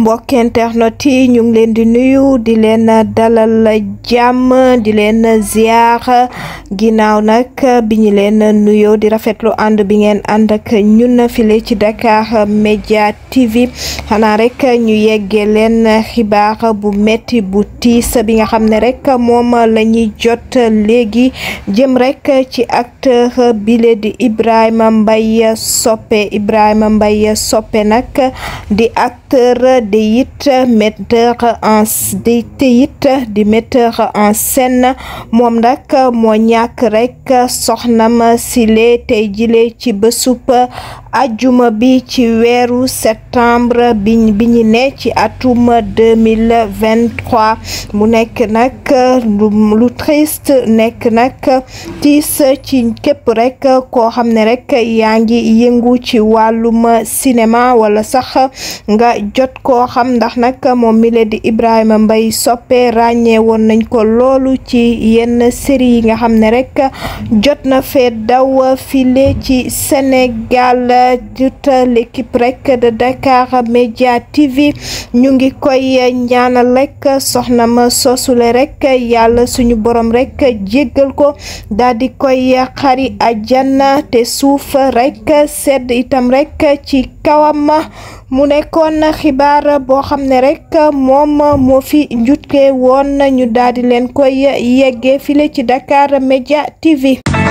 mbokk internet yi ñu ngi leen di nuyu di leen dalal jàmm di leen ziar ginnaaw nag bi ñu leen nuyoo di rafetlu ànd bi ngeen ànd ak ñun file ci Dakar Media TV xanaa rek ñu yeggee leen xibaar bu metti bu tiis bi nga xam ne rek moom la ñuy jot léegi jëm rek ci acteur bilee di Ibrahima Mbaye Soppe Ibrahima Mbaye Soppe nag di acteur di it metteur en scène moom nag moo ñàkk rek soxna ma sile tey jile ci bésub ajjuma bi ci weeru septembre bi bi ñu ne ci atum 2023 mu nekk nag lu triste nekk nag tiis ci képp rekk koo xam ne rek yaa ngi yëngu ci wàllum cinéma wala sax nga jot koo xam ndax nag moom mi leen di Ibrahima Mbaye Sopé ràññee nañ ko loolu ci yenn série yi nga xam ne rek jot na fee daw file ci Sénégal Euh, jot l'équipe rek de dakara Media TV ñu ngi koy euh, ñaanal rek soxna ma soosule rek yàlla suñu borom rek jéggal ko daal di koy xari àjjana te suuf rek sedd itam rek ci kawam ma mu nekkoon xibaar boo xam ne rek moom moo fi woon ñu daal leen koy yeggee file ci Dakar Media TV